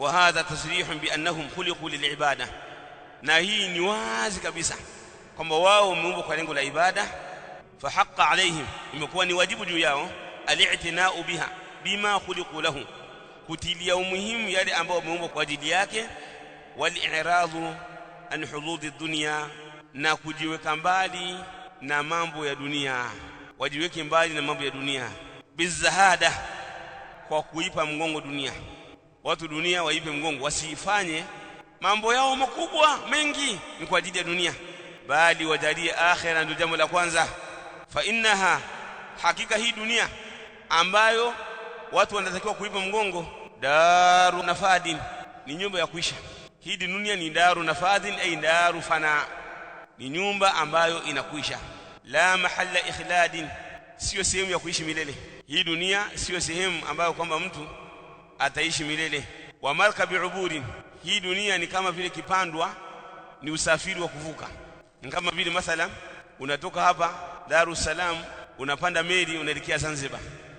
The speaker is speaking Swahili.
وهذا تصريح بأنهم خلقوا للعبادة na hii ni wazi kabisa kwamba wao wameumbwa kwa lengo la ibada fahaqa alaihim imekuwa ni wajibu juu yao ali'tina'u biha bima khuliqu lahu kutilia umuhimu yale ambayo wameumbwa kwa ajili yake wali'radu an hududi dunya na kujiweka mbali na mambo ya dunia wajiweke mbali na mambo ya dunia bizahada kwa kuipa mgongo dunia watu dunia waipe mgongo, wasifanye mambo yao makubwa mengi ni kwa ajili ya dunia, bali wajalie akhira ndio jambo la kwanza. Fa innaha, hakika hii dunia ambayo watu wanatakiwa kuipa mgongo, daru nafadin, ni nyumba ya kuisha. Hii dunia ni daru nafadin, ay daru fana, ni nyumba ambayo inakuisha. La mahalla ikhladin, siyo sehemu ya kuishi milele. Hii dunia siyo sehemu ambayo kwamba mtu ataishi milele. Wa markabi uburin, hii dunia ni kama vile kipandwa, ni usafiri wa kuvuka. Ni kama vile mathalan unatoka hapa Dar es Salaam unapanda meli unaelekea Zanzibar.